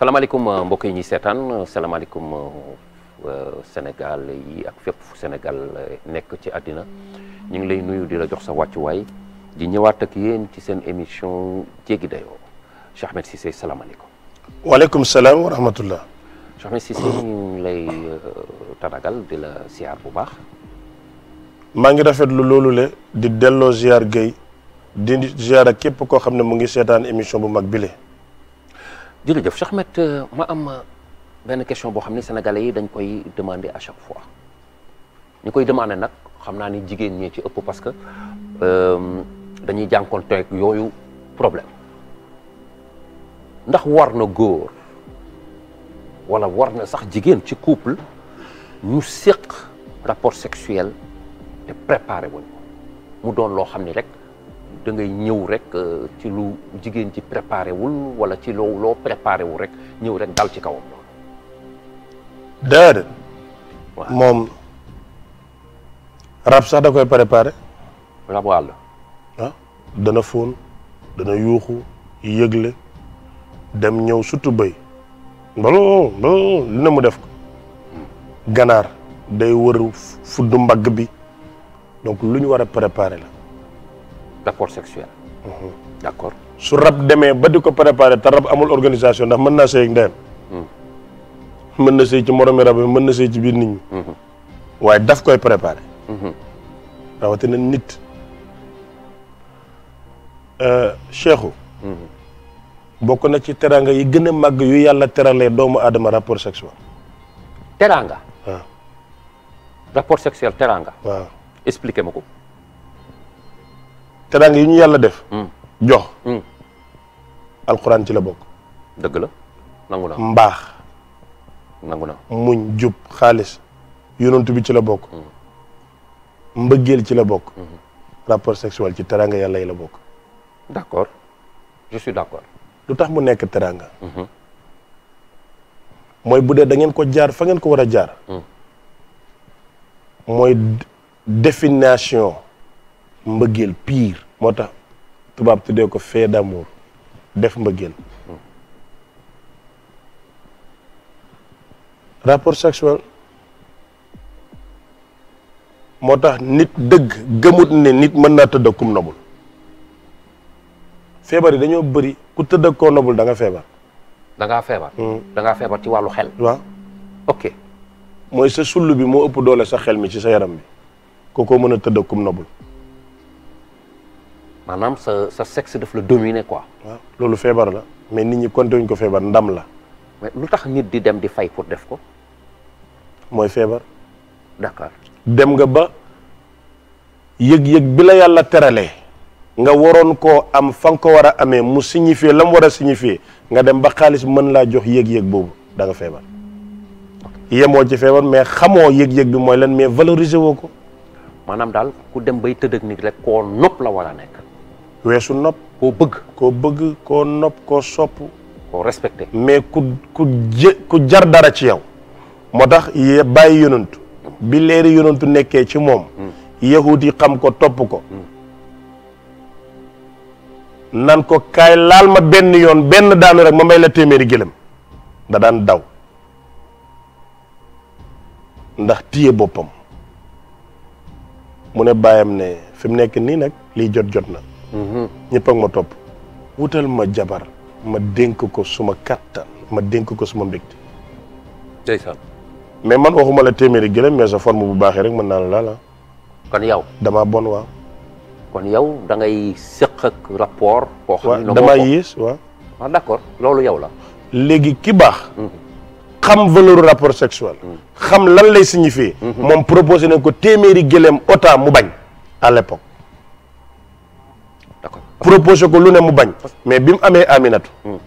salaamaaleykum euh, mbokk yi ñuy seetaan salaamaaleykum euh, euh, Sénégal yi ak fépp fu Sénégal nekk ci àddina ñu ngi lay nuyu di la jox sa wàccuwaay di ñëwaat ak yéen ci seen émission jéggi dayoo Cheikh Ahmed Cissé salaamaaleykum. waaleykum salaam wa rahmatullah. Cheikh Ahmed Cissé ñu ngi lay tàggal di la ziar bu baax. maa ngi rafetlu loolu le di delloo ziar Guèye di ziar képp koo xam ne mu ngi seetaan émission bu mag bile. jëf Cheikh Ahmed euh, ma am euh, benn question boo xam ni sénégalais yi dañ koy demander à chaque fois ñu koy demander nag xam naa ni jigéen ñee ci ëpp parce que euh, dañuy jànkoonteeg yooyu problème ndax war na góor wala war na sax jigéen ci couple ñu séq rapport sexuel te préparer wuñ mu doon loo xam ni rek da ngay ñëw rek euh, ci lu jigéen ci préparé wul wala ci loo loo préparé wul rek ñëw rek dal ci kawam. déedéet. moom rab sax da koy préparé. rab wàll. ah dana fóon dana yuuxu yëgle dem ñëw surtout béy. mbaloo mbaloo li na mu def ko. Hmm. ganaar day wër fudd mbagg bi donc lu ñu war a prépare la. rapport sexuel. Mhm. su rab demee ba di ko préparer te rab amul organisation ndax mën naa sëy ak ndeyam. Mhm. mën na sëy ci moromi rab yi mën na sëy ci biir nit ñi. Mhm. waaye daf koy préparer. rawatina nit. Euh, Cheikhou. bokk na ci teraanga yi gën a màgg yu yàlla teralee doomu aadama rapport sexuel. teraanga. waaw. rapport ma ko. teraanga yi ñu yàlla def. Hmm. jox. Hmm. alxuraan ci la bokk. dëgg la nangu mbaax. nangu na muñ jub xaalis yonent bi ci la bokk. Hmm. mbëggeel ci la bokk. rapport sexuel ci teraanga yàlla yi la bokk. d' accord je d' accord. lu tax mu nekk teraanga. mooy bu dee da ngeen ko jaar fa ngeen ko war a jaar. mooy définition. mbëggeel pire moo tax tubaab dee ko fait d'amour def mbëggeel rapport sexuel moo tax nit dëgg gëmut ne nit mën naa tëdd kum nobul feebar yi dañoo bari ku tëdd koo nobul da feebar dangaa ngaa feebar hmm. feebar ci wàllu xel waaw ok mooy sa sull bi moo ëpp doole sa xel mi ci sa yaram bi kookoo mën a tëdd kum nobul maanaam sa sa sexe daf la dominer quoi. waaw loolu feebar la mais nit ñi konte wuñ ko feebar ndam la. lu tax nit di dem di fay pour def ko. mooy feebar. d'accord dem nga ba yëg-yëg bi la yàlla teralee. nga waroon koo am fa nga ko war a amee mu signifier la mu war a signifier nga dem ba xaalis mën laa jox yëg-yëg boobu danga nga feebar. yemoo ci feebar mais xamoo yëg-yëg bi mooy lan mais valoriser woo ko. maanaam daal ku dem bay tëdd ak nit rek koo nopp la war a nekk. weesu nopp. koo bëgg koo bëgg koo nopp koo sopp. koo respecté mais ku ku jar dara ci yow. moo tax ye bàyyi yonantu bi leeri yonantu nekkee ci moom. Hmm. yahuud yi xam ko topp ko. Hmm. nan ko kaay laal ma benn yoon benn daanu rek ma may la téeméeri gëlëm da daan daw ndax téye boppam mu ne bàyyam ne fi mu nekk nii nag liy jot jot na. Mhm. ñëpp ak ma topp wutal ma jabar ma dénk ko suma kattan ma dénk ko suma mbégte ndeysaan mais man waxuma la téeméeri gëlëm mais sa forme bu baaxee rek mën naa la laala ah. kon yow damaa bon waaw kon yow da ngay sëq damaa yées waaw ah d'accord loolu yow la léegi ki baax mhm. xam valeur rapport sexuel mhm. xam lan lay signifier moom proposé nañ ko téeméeri gëlëm autant mu bañ à l'époque proposé ko lu ne mu bañ. mais bi mu amee Aminatu. Hmm.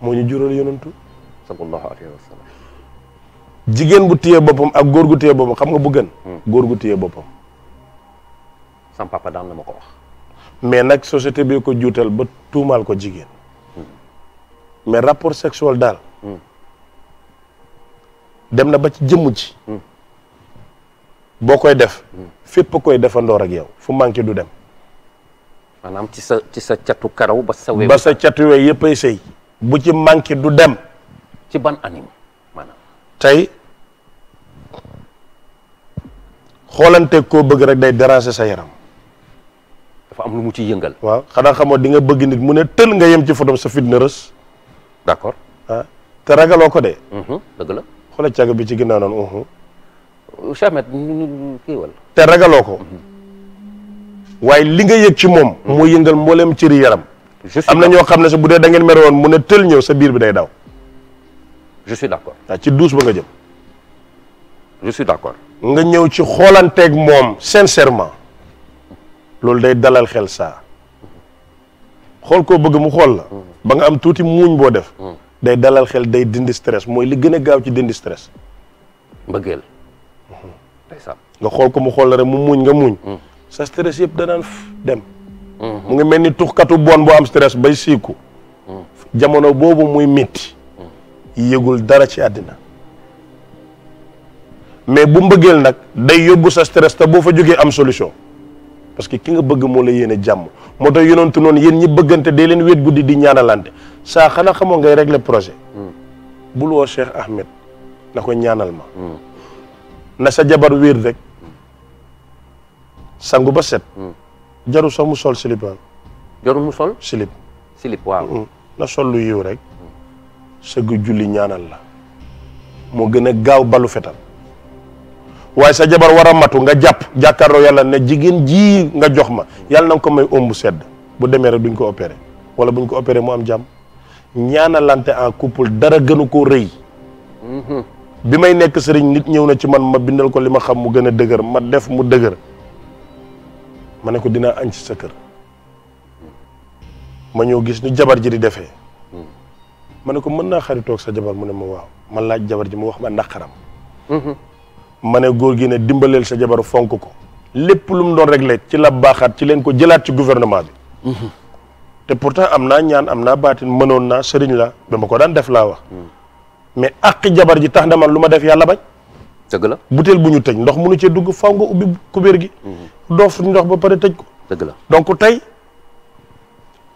moo ñu jural yonantu. sallallahu alayhi wa jigéen bu téye boppam ak góor gu téye boppam xam nga bu gën. Hmm. góor gu téye boppam. sam papa daan ko mais nag société bee ko juutal ba tuumaal ko jigéen. Hmm. mais rapport sexuel daal. dem na ba ci jëmm ci. boo koy def. fépp koy defandoor ak yow fu manqué du dem. maanaam ci sa ci sa catu karaw ba sa. ba sa catu we yëppay sëy bu ci manqué du dem. ci ban anime maanaam. tey xoolante koo bëgg rek day déranger sa yaram. dafa am lu mu ci yëngal. waaw xanaa xamoo di nga bëgg nit mu ne tël nga yem ci fotom sa fit na rës. d'accord ah te ragaloo ko de. Mhm, dëgg la bi ci ginnaaw noonu. Mhm. te ragaloo ko. Mhm. waaye li nga yëg ci moom moo yëngal mbooleem cëri yaram am na ñoo xam ne sa bu dee dangeen ngeen mere woon mu ne tël ñëw sa biir bi day daw je suis d'accord ci douche ba nga jëm je suis d'accord nga ñëw ci xoolanteeg moom sincèrement loolu day dalal xel saa xool koo bëgg mu xool la ba nga am tuuti muuñ boo def hmm. day dalal xel day dindi stress mooy li gën a gaaw ci dindi stress mbëggeel hmm. ndeysaan nga xool ko mu xool la rek mu muuñ nga muuñ hmm. sa stress yëpp danaan dem. Mhm. mu ngi mel ni tuxkatu bon boo am stress bay siiku. Mhm. jamono boobu muy métti. Mhm. yëgul dara ci àddina. mais bu mbëggeel nag day yóbbu sa stress te boo fa jógee am solution. parce que ki nga bëgg moo la yéene jàmm moo tax yonentu noonu yéen ñi bëggante dee leen wéet guddi di ñaanalante saa xanaa xamoo ngay régler projet. bul woo Cheikh Ahmed na ko ñaanal ma. na sa jabar wér rek. sangu ba set. Hmm. jaru sax mu sol silib man. sol. silib silib waaw. Hmm. na sol lu yiw rek. sëgg julli ñaanal la. moo gën a gaaw balu fetal. waaye sa jabar war a matu nga jàpp jàkkaarloo yàlla ne jigéen ji nga jox ma yàlla na ko may ombu sedd bu demee rek duñ ko opéré wala buñ ko opéré mu am jàmm ñaanalante en couple dara gënu koo rëy. Mhm. bi may nekk sëriñ nit ñëw na ci man ma bindal ko li ma xam mu gën a dëgër ma def mu dëgër. ma ne ko dina añ ci sa kër ma ñëw gis ni jabar ji di defee ma ne ko mën naa xaritoog sa jabar mu ne ma waaw man laaj jabar ji mu wax ma naqaram mm-hmm. ma ne góor gi ne dimbaleel sa jabar fonk ko lépp lum mu doon réglé ci la baaxaat ci leen ko jëlaat ci gouvernement bi mm-hmm. te pourtant am naa ñaan am naa baatin mënoon naa sëriñ la ba ma ko daan def laa wax mm. mais àq jabar ji tax na man lu ma def yàlla bañ dëgg la butéel bu ñu tëj ndox mënu cee dugg faw nga ubbi kubéer gi. Mm-hmm. doof ndox ba pare tëj ko. dëgg la donc tey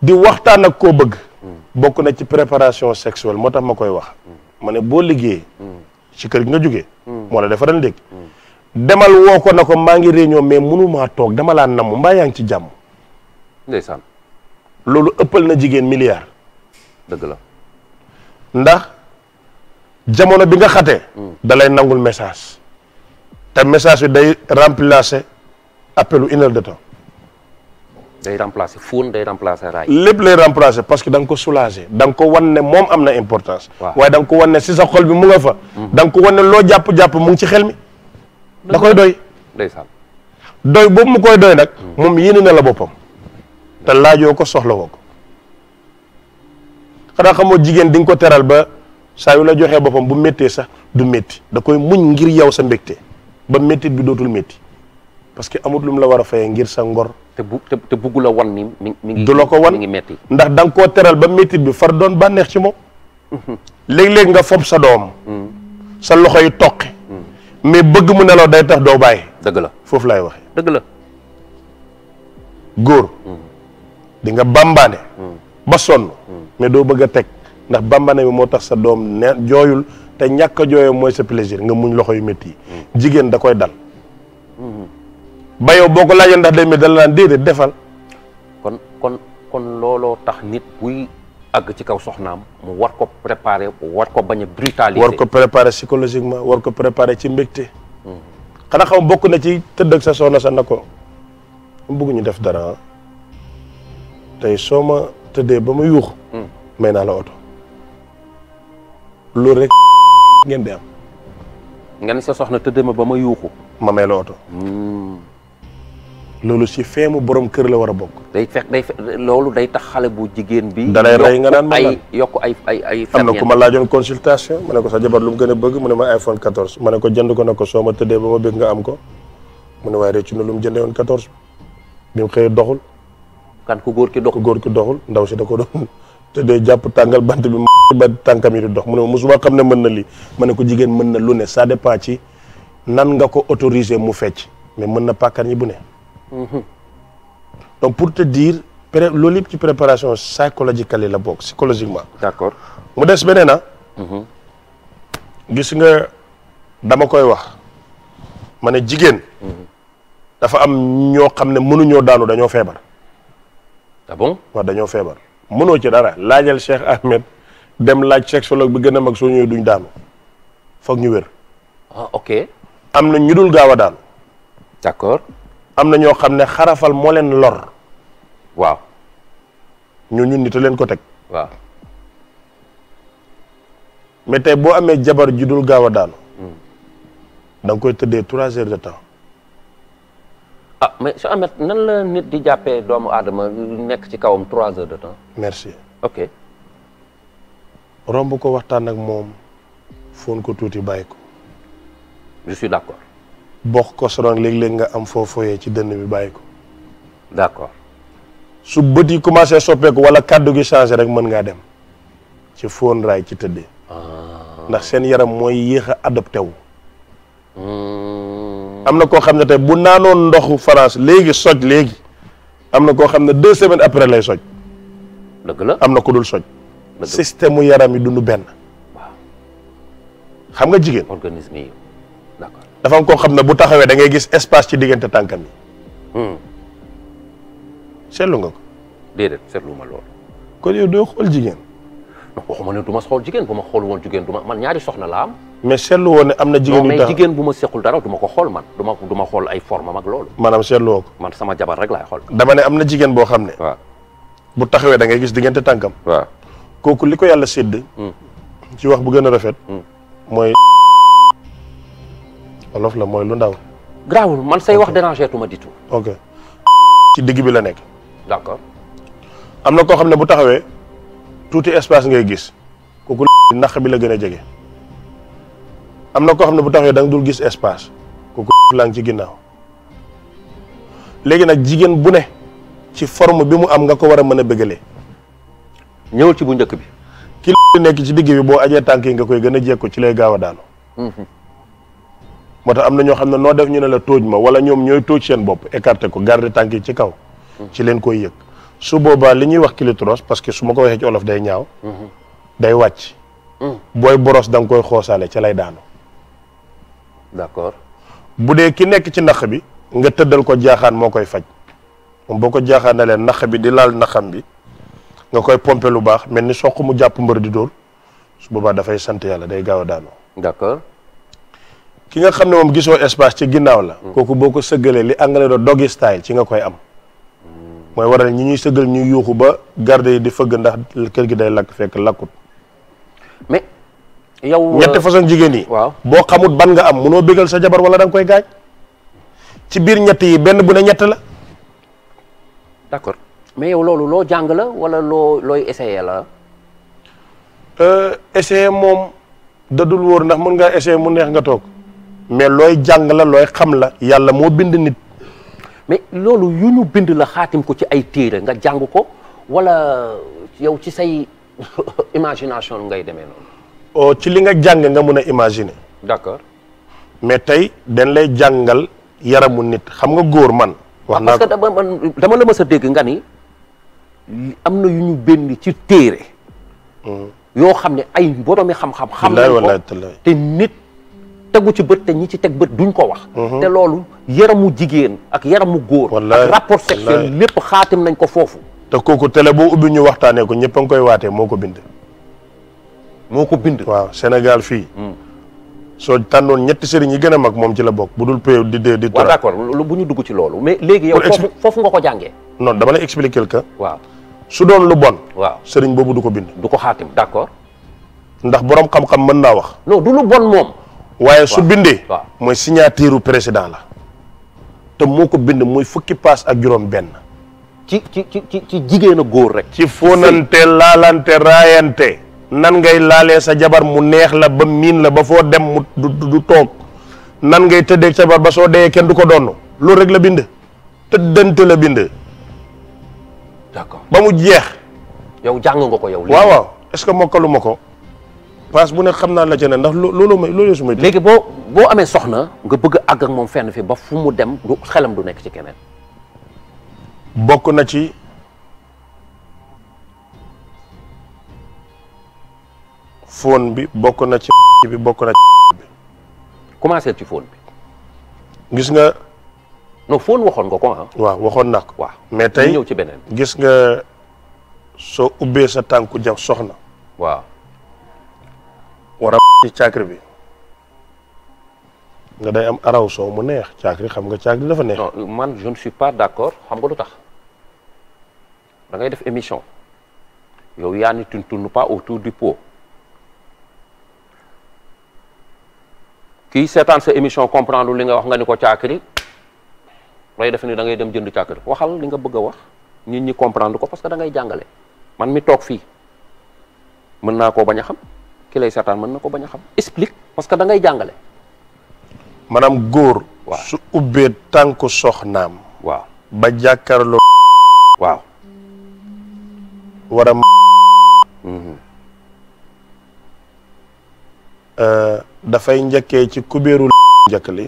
di waxtaan ak ko bëgg. Mm. bokk na ci préparation sexuelle moo tax ma koy wax. Mm. ma ne boo liggéeyee. si mm. kër gi nga jóge moo la defaral ndékk. demal woo ko na ko maa ngi réunion mais mënu maa toog dama laa namm mbaa yaa ngi ci jàmm. ndeysaan. loolu ëppal na jigéen milliard. dëgg la. ndax jamono bi nga xatee. da lay nangul message te message bi day remplacer appelu une de temps. day remplacer fóon day remplacer lépp lay remplacer parce que da nga ko soulager da ko wan ne moom am na importance. waaye da ko wan ne si sax xol bi mu nga fa. Hmm. da nga ko wan ne loo jàpp jàpp mu ngi ci xel mi. da koy doy. ndeysaan doy boobu mu koy doy nag. Hmm. moom yéene na la boppam. te laajoo ko soxla woo ko. xanaa xamoo jigéen di nga ko teral ba. saa yu la joxee boppam bu méttee sax du métti da koy muñ ngir yow sa mbégte ba méttit bi dootul métti parce que amut lu mu la war a fayee ngir sa ngor. te bu te buggu la ni mi ngi. du la ko wan métti ndax da nga koo teral ba méttit bi far doon bànneex ci moom. léeg-léeg nga fob sa doom. Mm. sa loxo yi toq mm. mais bëgg mu nelaw day tax doo bàyyi. dëgg la foofu laay waxee. dëgg la. góor. Mm. di nga bàmbaane. ba sonn. mais doo bëgg a teg. ndax bambane bi moo tax sa doom ne jooyul te ñàkk a mooy sa plaisir nga muñ loxo yu métti yi mm. jigéen da koy dal mm-hmm. ba boo ko laajoon ndax day métti dala naan déedéet defal kon kon kon looloo tax nit buy àgg ci kaw soxnaam mu war ko préparer war ko bañ a brutaliser war ko préparer psychologiquement war ko préparer ci mbégte mm-hmm. xanaa xam bokk na ci tëdd sa soxna sa na ko mu bëgg def dara tey soo ma tëddee ba ma yuux mm. may naa la oto loolu rek ngeen di am. nga ne sa soxna tëdd ma ba ma yuuxu. ma may la oto. Hmm. loolu si feemu borom kër la war a bokk. day fekk day loolu day tax xale bu jigéen bi. da lay rey nga naan ma ay yokk ay ay ay. am na ma laajoon consultation ma ne ko sa jabar lu mu gën a bëgg mu ne ma iPhone 14 ma ne ko jënd ko ko soo ma tëddee ba ma bëgg nga am ko mu ne waaye rëccu na lu mu jëndee woon 14 bi mu xëyee doxul. kan ku góor ki doxul ku góor ki doxul ndaw si da ko doon. te day jàpp tàngal bant bi ba tànkam yi di dox mu ne mosuma xam ne mën na lii ma ne ko jigéen mën na lu ne ça dépend ci nan nga ko autoriser mu fecc mais mën na pàkkar bu ne mhm. pour te dire pré loolu yëpp ci préparation psychologique la bokk psychologiquement d'accord mu des beneen na ah. mhm. gis nga dama koy wax ma ne jigéen mhm. dafa am ñoo xam ne mënuñoo daanu dañoo feebar ah bon waaw dañoo feebar mënoo ci dara laajal Cheikh Ahmed dem laaj sexologue bi gën a mag soo ñëwee duñ daanu foog ñu wér. ah ok. am na ñu dul gaaw a daanu. d'accord. am na ñoo xam ne xarafal moo leen lor. waaw. ñu ñun nit a leen ko teg. waaw. mais tey boo amee jabar ji dul gaaw a daanu. Hmm. da koy tëddee trois heures de temps. ah mais su nan la nit di jàppee doomu aadama nekk ci kawam trois heures de temps. merci ok. romb ko waxtaan ak moom foon ko tuuti bàyyi ko. je d' accord. bokk ko soroon léeg-léeg nga am foo foyee ci dënn bi bàyyi ko. d' accord. su bët yi commencé soppeeku wala kàddu gi changé rek mën ngaa dem ci foon raay ci tëddee. Ah. ndax seen yaram mooy yéex a adopté wu. Hmm. am na koo xam ne te bu naanoon ndoxu France léegi soj léegi am na koo xam ne deux semaines après lay soj. dëgg la am na ko dul soj. système mu yaram yi du nu benn. xam nga jigéen organisme yi d'accord dafa am koo xam ne bu taxawee da ngay gis espace ci diggante tànkam yi. Hmm. seetlu nga ko. déedéet seetlu ma loolu. kon yow doo xool jigéen. waxuma ma xool jigéen bu ma xool woon jigéen du ma man ñaari soxna la mais seetlu woon ne am na jigéen yu tax bu ma sequl dara du ma ko xool man du ma du ma xool ay forme mag loolu maanaam seetlu woo ko man sama jabar rek xool dama ne am na jigéen boo xam ne waaw bu taxawee da ngay gis diggante tànkam waaw kooku li ko yàlla sédd hmm. ci wax bu gën a rafet hmm. mooy wolof la mooy lu ndaw grawul man say wax déranger tu ma ditu ok ci digg bi la nekk d'accord am na koo xam ne bu taxawee tuuti espace ngay gis kooku naq bi la gën a jege am na koo xam ne bu taxawee danga nga dul gis espace kooku laa ngi ci ginnaaw léegi nag jigéen bu ne ci form bi mu am nga ko war a mën a bëggale ñëwul ci bu njëkk bi. ki nekk ci digg bi boo ajee tànk yi nga koy gën a jekku ci lay gaaw a daanu. Mhm. moo tax am na ñoo xam ne noo def ñu ne la tooj ma wala ñoom ñooy tóoj seen bopp écarté ko garder tànk yi ci kaw. Mhm. ci leen koy yëg su boobaa li ñuy wax clitoris parce que su ma ko waxee ci olof day ñaaw. Mhm. day wàcc. booy boros da nga koy xoosaale ca lay daanu. d'accord bu dee ki nekk ci naq bi nga tëddal ko jaaxaan moo koy faj moom boo ko na leen naq bi di laal naqam bi nga koy pompe lu baax mel ni soq mu jàpp mbër di dóor su boobaa dafay sant yàlla day gaaw a daanoo. d'accord ki nga xam ne moom gisoo espace ci ginnaaw la. Mm. kooku boo ko sëggalee li anglais do doggy style ci nga koy am. Mm. mooy waral ñi ñuy sëggal ñuy yuuxu ba garde yi di fëgg ndax kër gi day lakk fekk lakkut. yow ñetti euh, façon jigéen yi. waaw boo xamut ban nga am munoo bégal sa jabar wala danga koy gaañ. ci biir ñett yi benn bu ne ñett la. d'accord mais yow loolu loo jàng la wala loo looy essayer la. Euh, essayer moom dadul wóor ndax mën ngaa essayer mu neex nga toog mais looy jàng la looy xam la yàlla moo bind nit. mais loolu yu ñu bind la xaatim ko ci ay téere nga jàng ko wala yow ci say imagination ngay demee noonu. ci li nga jàng nga mun a imaginer. d'accord mais tey dañ lay jàngal yaramu nit xam nga góor man. wax ah, naa ko parce que dama la ma a dégg nga ni am na yu ñu benn ci téere. Hmm. yoo xam ne ay boroomi xam-xam. xam nañ ko te nit tegu ci bët te ñi ci teg bët duñ ko wax. Hmm. te loolu yaramu jigéen ak yaramu góor. ak rapport sexuel lépp xaatim nañ ko foofu. te kooku tele boo ubbi ñu waxtaanee ko ñëpp a ngi koy waatee moo ko bind. moo ko bind. waaw Sénégal fii. Hmm. soo tànnoon ñetti sëriñ yi gën a mag moom ci la bokk bu dul paye di di. waaw d'accord bu ñu dugg ci loolu. mais léegi yow foofu nga ko jàngee. non dama lay expliquer que. waaw su doon lu bon. waaw sëriñ boobu du ko bind. du ko xaatim d'accord. ndax boroom xam-xam mën naa wax. non du lu bon moom. waaye su bindee. waaw mooy signature président la. te moo ko bind muy fukki paas ak juróom benn. ci ci ci ci góor rek. ci fóonante laalante raayante. nan ngay laale sa jabar mu neex la ba miin la ba foo dem mu du toog nan ngay sa jabar ba soo deyee kenn du ko donn loolu rek la bind tëddante la bind d'accord ba mu jeex yow jàng nga ko yow waaw waaw est-ce que mokkalu ko parce bu nekk xam naa la jeneen ndax loolu may loolu su may léegi boo boo amee soxna nga bëgg àgg ak moom fenn fi ba fu mu dem du xelam du nekk ci keneen bokk na ci fóon bi bokk na ci bi bokk na ci bi. bi. gis nga. non fóon waxoon nga ko ah. waaw waxoon naa ko. waaw mais tey ñëw ci beneen. gis nga soo ubbee sa tànku jaf soxna. waaw. war a ci caakri bi. nga day am araw soow mu neex caakri xam nga caakri dafa neex. non man je ne suis pas d'accord xam nga lu tax da def émission yow yaa ni tu ne pas autour du pot. ki seetaan sa émission comprendre li nga wax nga ni ko caakiri lay defe ni da ngay dem jënd caakiri waxal li nga bëgg a wax nit ñi comprendre ko parce que da ngay jàngale man mi toog fii mën naa koo bañ xam ki lay mën na ko bañ xam explique parce que da ngay góor waaw su ubbee tànku soxnaam waaw ba jàkkaarloo waaw war a mm-hmm. euh, dafay njëkkee ci kubéeru njëkk li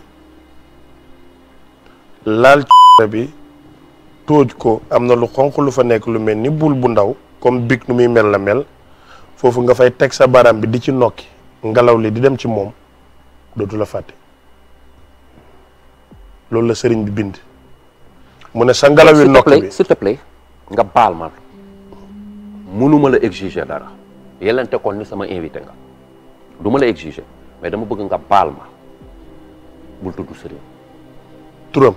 laal ci bi tóoj ko am na lu xonq lu fa nekk lu mel ni bul bu ndaw comme big nu muy mel la mel foofu nga fay teg sa baram bi di ci nokki ngelaw li di dem ci moom dootu la fàtte loolu la sëriñ bi bind mu ne sa ngelaw yi nokki bi s'il te plaît nga baal ma mënuma la exiger dara yelente kon ni sama invité nga du ma la exiger mais dama bëgg nga baal ma bul tudd sëriñ. turam.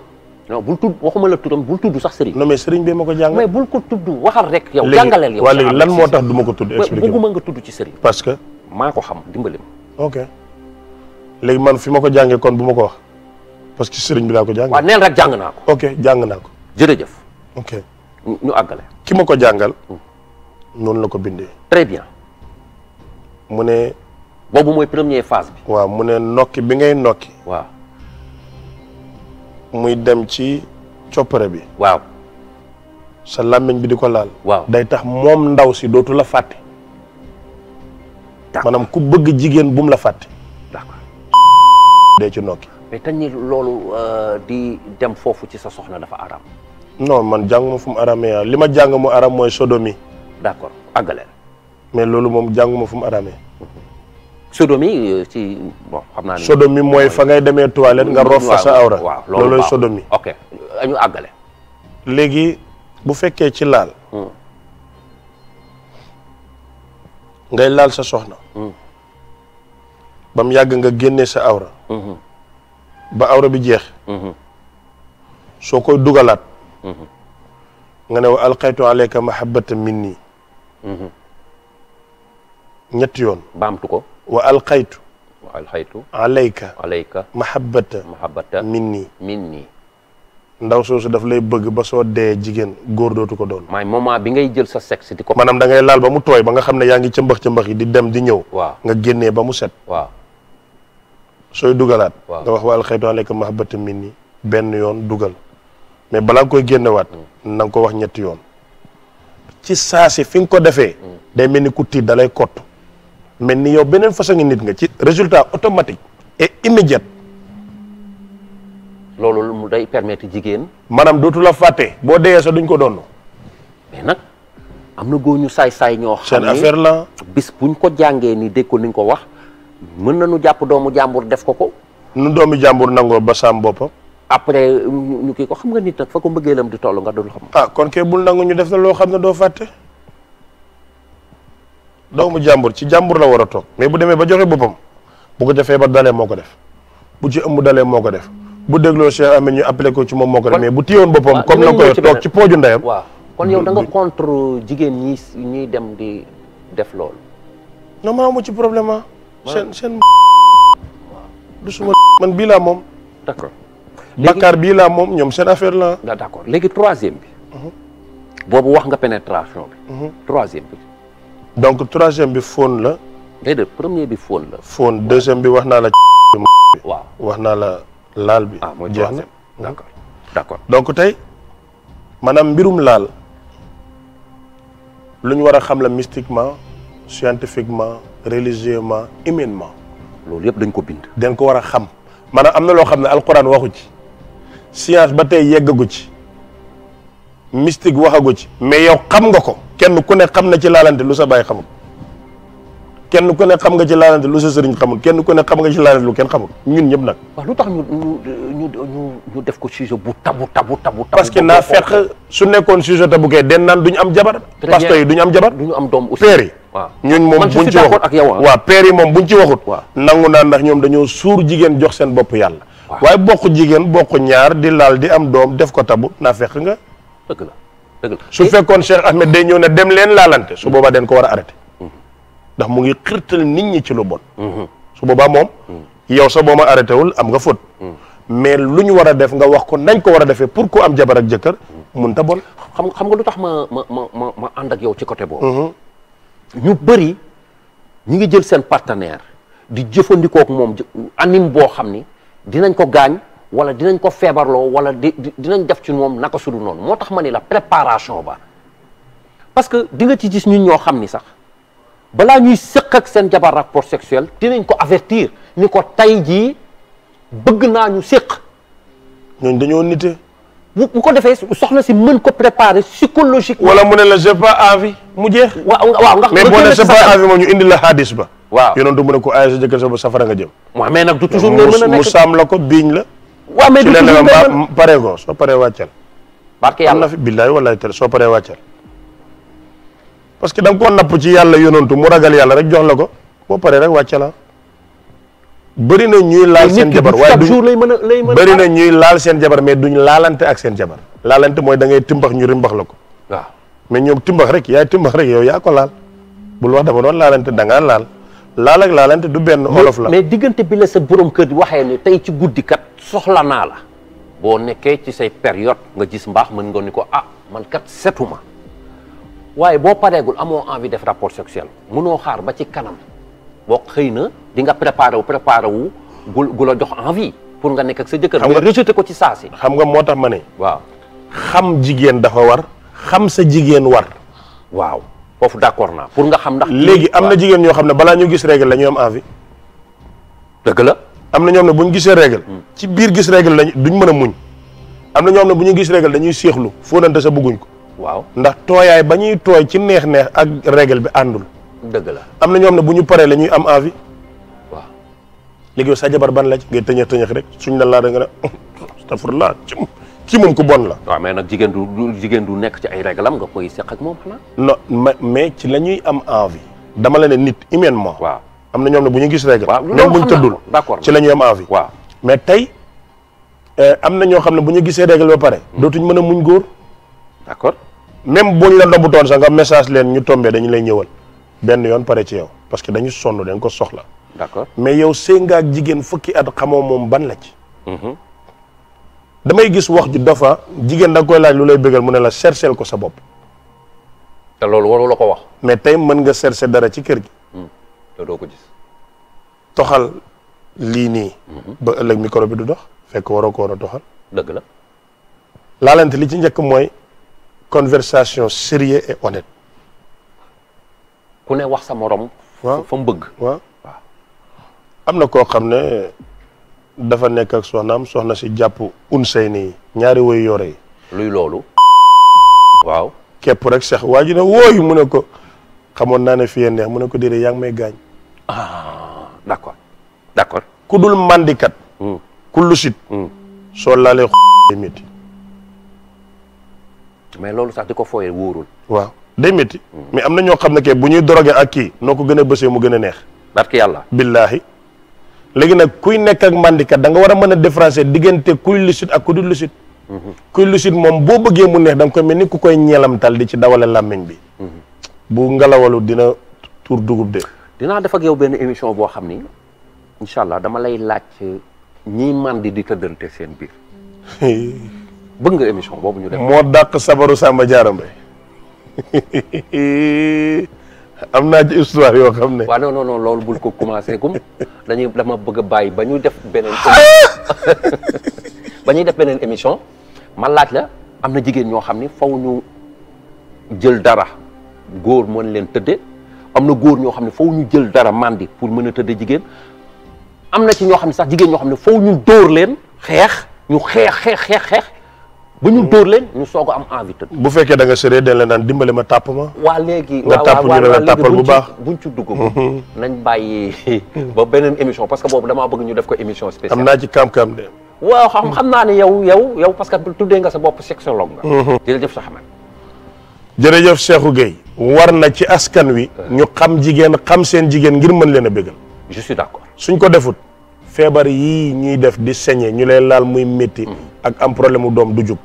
non bul tudd waxuma la turam bul tudd sax sëriñ. non mais sëriñ bi ma ko jàng. bul ko tudd waxal rek. yow jàngaleel yow. léegi lan moo tax du ma ko tudd expliqué bëgguma nga tudd ci sëriñ. parce que maa ko xam dimbali ma. ok léegi man fi ma ko jàngee kon bu ma ko wax parce que sëriñ bi laa ko jàng. waaw neel rek jàng naa ko. ok jàng naa ko. jërëjëf. ok ñu àggale. ki ma ko jàngal. Hmm. noonu la ko bindee. mu ne. boobu mooy première phase waaw mu ne nokki bi ngay nokki. waaw. muy dem ci coppare bi. waaw. sa làmmiñ bi di ko laal. waaw day tax moom ndaw si dootu la fàtte. maanaam ku bëgg jigéen bum la fàtte. day ci nokki. mais tañ ni loolu euh, di dem foofu ci sa soxna dafa aram. non man jànguma fu mu aramee ah. li ma jàng mu aram mooy sodomi. d'accord àggale. mais loolu moom jànguma fu mu aramee. sodomie euh, ci bon xam naa ne. mooy fa ngay demee toilette nga rof sa awra. waaw loolooy sodomie. ñu àggale. léegi bu fekkee ci laal. Hmm. ngay laal sa soxna. Hmm. ba yàgg nga génnee sa awra. Hmm. ba awra bi jeex. soo koy dugalaat. nga ne wa alqaytu alayka mahabbatan minni. ñetti yoon baamtu ko. wa alqaytu wa alqaytu alayka alayka mahabbata mahabbata minni minni ndaw soosu daf lay bëgg ba soo dee jigéen góor dootu ko doon maay moment bi ngay jël sa sexe ko maanaam da ngay laal ba mu tooy ba nga xam ne yaa ngi cëmbax cëmbax yi di dem di ñëw waaw nga génnee ba mu set waaw sooy dugalaat nga wax wa alqaytu alayka mahabbata minni benn yoon dugal mais balaa nga koy génnewaat mm. na nga ko wax ñetti yoon ci saa si fi nga ko defee mm. day mel ni ku dalay kott mel ni yow beneen façon ngi nit nga ci résultat automatique et immédiat. loolu mu day permettre jigéen. maanaam dootu la fàtte boo dee sa duñ ko doon. mais nag am na góor ñu saay-saay ñoo. xam ne seen affaire la bis buñ ko jàngee ni dégg ko ni ko wax mën na nañu jàpp doomu jàmbur def ko ko. nu doomu jàmbur nangoo ba saam boppam. après ñu kii ko xam nga nit nag fa ko mbëggeelam di toll nga dul xam. ah kon kay bul nangu ñu def na loo xam ne doo fàtte. doomu jàmbur ci jàmbur la war a toog mais bu demee ba joxe boppam bu ko defee ba dalee moo ko def bu ci ëmb dalee moo ko def bu dégloo Cheikh Amine ñu appelé ko ci moom moo ko def mais bu téyewoon boppam kom na koy toog ci pooju ndeyam waaw kon yow da nga contre jigéen ñi ñuy dem di def loolu non maa amu ci problème ah seen seen du man bii laa moom d'accord Bakar bii laa moom ñoom seen affaire la d'accord léegi troisième bi mhm. boobu wax nga pénétration bi mhm. troisième bi donc troisième bi fóon la. déedéet premier bi fóon la. fóon deuxième bi wax naa la. waaw wax naa la laal bi. ah mooy jeex na d'accord d'accord donc tey maanaam mbirum laal lu ñu war a xam la mystiquement scientifiquement ment humainement. loolu yëpp dañ ko bind. dañ ko war a xam maanaam am na loo xam ne al alxuraan waxu ci science ba tey yeggagu ci. mystique waxagu ci mais yow xam nga ko kenn ku ne xam na ci laalante lu sa baay xamul kenn ku nekk xam nga ci laalante lu sa sëriñ xamul kenn ku ne xam nga ci laalante lu kenn xamul ñun ñëpp nag. lu tax ñu ñu ñu ñu def ko sujet bu tabu tabu tabu. parce que naa fekk su nekkoon sujet tabu kay den naan du ñu am jabar. pasteur yi duñ am jabar. du ñu am doom aussi père yi. waaw ñun moom buñ ci waxut ak yow ah. waaw père yi moom buñ ci waxut. waaw nangu naa ndax ñoom dañoo suur jigéen jox seen bopp yàlla. waaye bokk jigéen bokk ñaar di laal di am doom def ko tabu naa fekk nga dëgg la dëgg la su fekkoon Cheikh Ahmed day ñëw ne dem leen laalante su boobaa dañ ko war a arrêté ndax mu ngi xirtal nit ñi ci lu bon su boobaa moom yow sa booma arrêté wul am nga faute mais lu ñu war a def nga wax ko nañ ko war a defee pour ku am jabar ak jëkkër mun ta bon xam xam nga lu tax ma ma ma ma ma ànd ak yow ci côté boobu mhm. ñu bëri ñu ngi jël seen partenaire di jëfandikoo ak moom anim boo xam ni dinañ ko gaañ wala dinañ ko feebarloo wala di dinañ def ci moom naka sudu noonu moo tax ma ni la préparation ba parce que di nga ci gis ñun ñoo xam ni sax balaa ñuy sëq ak seen jabar rapport sexuel dinañ ko avertir ni ko tey jii bëgg naa ñu séq ñooñ dañoo nite bu ko defee soxna si mën ko préparer psychologiquement wala mu ne la j'ai pas mu jeex waaw waaw nga mais boo ne j'ai pas envie ñu indi la hadis ba waaw mu ne ko ay sa jëkkër sa ba safara nga jëm waaw mais nag ko biiñ la waaw mais du toujours su leen ne paree ko soo paree wàccal. barke yàlla am fi billaay walaay tere soo paree wàccal. parce que da nga koo napp ci yàlla yonantu mu ragal yàlla rek jox la ko boo paree rek wàcce la bëri na ñuy laal seen jabar waaye duñ lay mën a lay bëri na ñuy laal seen jabar mais duñ laalante ak seen jabar laalante mooy da ngay timbax ñu rimbax la ko waaw mais ñoom timbax rek yaay timbax rek yow yaa ko laal bul wax dama doon laalante da ngaa laal laal ak laalante du benn olof la mais diggante bi la sa borom kër di waxee ne tey ci guddi kat soxla naa la boo nekkee ci say période nga gis mbaax mën nga ni ko ah man kat setuma waaye boo pareegul amoo envie def rapport sexuel mënoo xaar ba ci kanam boo xëy na di nga préparé wu préparé wu gu gu la jox envie pour nga nekk ak sa jëkkër. xam nga rejeté ko ci saa si. xam nga moo tax ma ne. waaw xam jigéen dafa war. xam sa jigéen war. waaw foofu d'accord naa pour nga xam ndax. léegi am na jigéen ñoo xam ne balaa ñu gis règle la am envie. dëgg la. am na ñoom na bu ñu gisee règle ci biir gis règle lañ duñ mën a muñ am na ñoom ne bu ñu gis règle dañuy séexlu fóonante sa bëgguñ ko waaw ndax tooyaay ba ñuy tooy ci neex-neex ak règle bi àndul dëgg la am na ñoom ne bu ñu paree la ñuy am envie waaw léegi yow sa jabar ban la ci ngay tëñëx tëñëx rek suñ la laa da nga ne astafurlaa ci ci moom bon la waaw mais nag jigéen du jigéen du nekk ci ay règle am nga koy seq ak moom mais ci la ñuy am envie dama la ne nit humainement waaw am na ñoom ne bu ñu gis règle même bu ñu tëddul d'accord ci la ñu am envie waaw mais tey euh, am na ñoo xam ne bu ñu gisee règle ba pare hmm. dootuñ mën a muñ góor d'accord même boo ñu la ndomb toon sax nga message leen ñu tombee dañu lay ñëwal benn yoon pare ci yow parce que dañu sonn dañ ko soxla d'accord mais yow sëy nga ak jigéen fukki at xamoo moom ban la ci mm-hmm. damay gis wax ju dafa jigéen da nga koy laaj lu lay bëggal mu ne la cherchel ko sa bopp te loolu waru la ko wax mais tey mën nga chercher dara ci kër gi te ko gis. toxal lii nii. Mhm. ba ëllëg micro bi du dox fekk waroo ko war a toxal. dëgg la. laalante li ci njëkk mooy conversation sérieux et honnête. ku ne wax sa moroom waaw fa mu bëgg. waaw am na koo xam ne dafa nekk ak am soxna si jàpp un say nii ñaari woyu yore yi. luy loolu. waaw. képp rek sax waa ji ne wooyu mu ne ko xamoon naa ne fii neex mu ne ko déedéet yaa ngi may gaañ. ah d' accord d' accord ku dul mandikat hmm. ku lucide hmm. soo laalee day loolu sax ko fooyee wóorul waaw day métti hmm. mais am na ñoo xam ne ke bu ñuy drogué ak kii noo ko gën a bësee mu gën a neex barke yàlla billaahi léegi nag kuy nekk ak mandikat da nga war a mën a différencier diggante kuy lucide ak ku dul lucide kuy lucide moom boo bëggee mu neex da nga koy mel ni ku koy ñeelamtal di ci dawale làmmiñ bi bu ngelawalu dina tuur dugub de dinaa def ak yow benn émission boo xam ni incha allah dama lay laaj ñiy man di di tëddante seen biir. bëgg nga émission boobu ñu def. moo dàq sabaru Samba Diarra Mbaye am naa ci histoire yoo xam ne. loolu bul ko commencé gum dañuy dama bëgg a bàyyi ba ñu def beneen. ba ñuy def beneen émission ma laaj la am na jigéen ñoo xam ni faw ñu jël dara góor mën leen tëdde am na góor ñoo xam ne foofu ñu jël dara mandi pour mën a tëdd jigéen am na ci ñoo xam ne sax jigéen ñoo xam ne foofu ñu dóor leen xeex ñu xeex xeex xeex xeex ba ñu dóor leen ñu soog am envie tëdd bu fekkee da nga sëree dañ leen naan dimbale ma tàpp ma waa léegi nga tàpp ñu ne bu baax buñ ci dugg mhm. nañ bàyyi ba beneen émission parce que boobu damaa bëgg ñu def ko émission spéciale am naa ci kam-kam de xam naa ne yow yow yow parce que tuddee nga sa bopp sexologue nga mhm. jërëjëf Soxna jërëjëf Cheikhou Gueye war na ci askan wi. ñu xam jigéen xam seen jigéen ngir mën leen a béggal je suis suñ ko defut feebar yii ñuy def di sañe ñu lay laal muy métti. Mm. ak am problème mu doom du jug.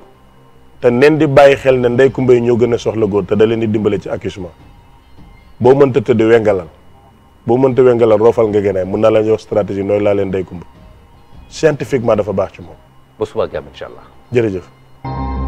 te nen di bàyyi xel ne ndey kumbe ñoo gën a soxla góor te da leen di dimbale ci accouchement boo mënta tëdd wengalal boo mënta wengalal roofal nga gën a mun na la ñëw stratégie nooy laa leen ndey kumbe scientifiquement dafa baax ci moom. ba suba ak jàmm jërëjëf.